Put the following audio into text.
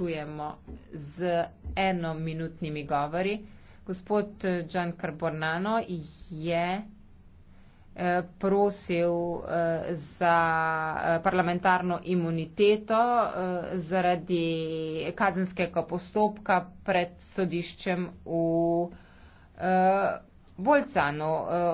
srečujemo z enominutnimi govori. Gospod Džan Karbornano je eh, prosil eh, za eh, parlamentarno imuniteto zaradi kazenskega postopka pred sodiščem v Bolcano.